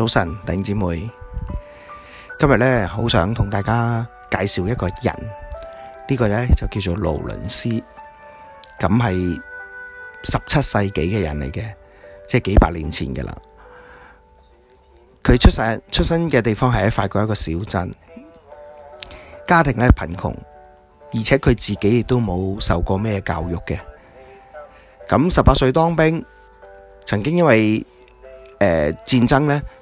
早晨，弟兄姊妹，今日咧好想同大家介紹一個人，這個、呢個咧就叫做勞倫斯，咁係十七世紀嘅人嚟嘅，即係幾百年前嘅啦。佢出世出生嘅地方係喺法國一個小鎮，家庭咧貧窮，而且佢自己亦都冇受過咩教育嘅。咁十八歲當兵，曾經因為誒、呃、戰爭咧。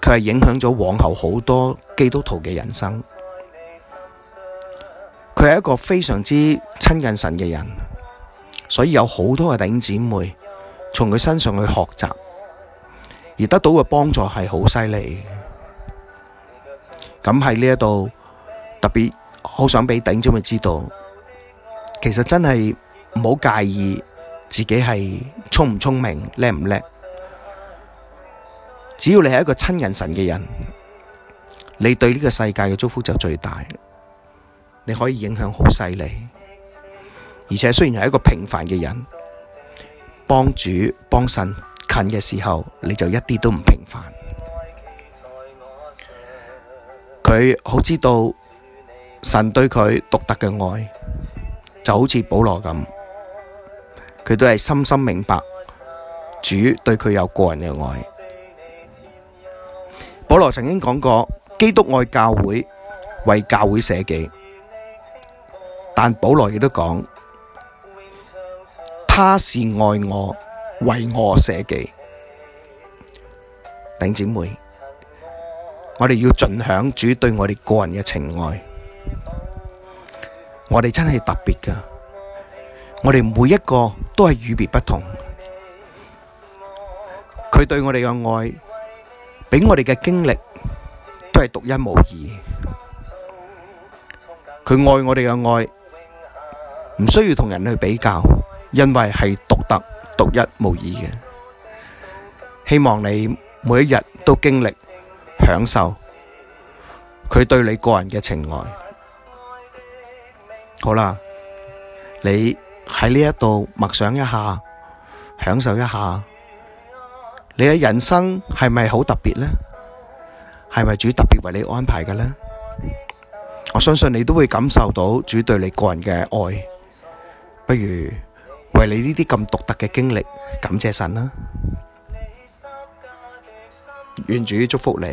佢係影響咗往後好多基督徒嘅人生，佢係一個非常之親近神嘅人，所以有好多嘅弟兄姐妹從佢身上去學習，而得到嘅幫助係好犀利。咁喺呢一度特別好想俾弟兄姐妹知道，其實真係唔好介意自己係聰唔聰明、叻唔叻？只要你係一個親近神嘅人，你對呢個世界嘅祝福就最大，你可以影響好犀利，而且雖然係一個平凡嘅人，幫主幫神近嘅時候，你就一啲都唔平凡。佢好知道神對佢獨特嘅愛，就好似保羅咁，佢都係深深明白主對佢有個人嘅愛。保羅曾經講過，基督愛教會，為教會捨己。但保羅亦都講，他是愛我，為我捨己。弟兄姊妹，我哋要盡享主對我哋個人嘅情愛。我哋真係特別㗎，我哋每一個都係與別不同。佢對我哋嘅愛。畀我哋嘅經歷都係獨一無二，佢愛我哋嘅愛，唔需要同人去比較，因為係獨特、獨一無二嘅。希望你每一日都經歷、享受佢對你個人嘅情愛。好啦，你喺呢一度默想一下，享受一下。你嘅人生係咪好特別呢？係咪主特別為你安排嘅呢？我相信你都會感受到主對你個人嘅愛。不如為你呢啲咁獨特嘅經歷感謝神啦！願主祝福你。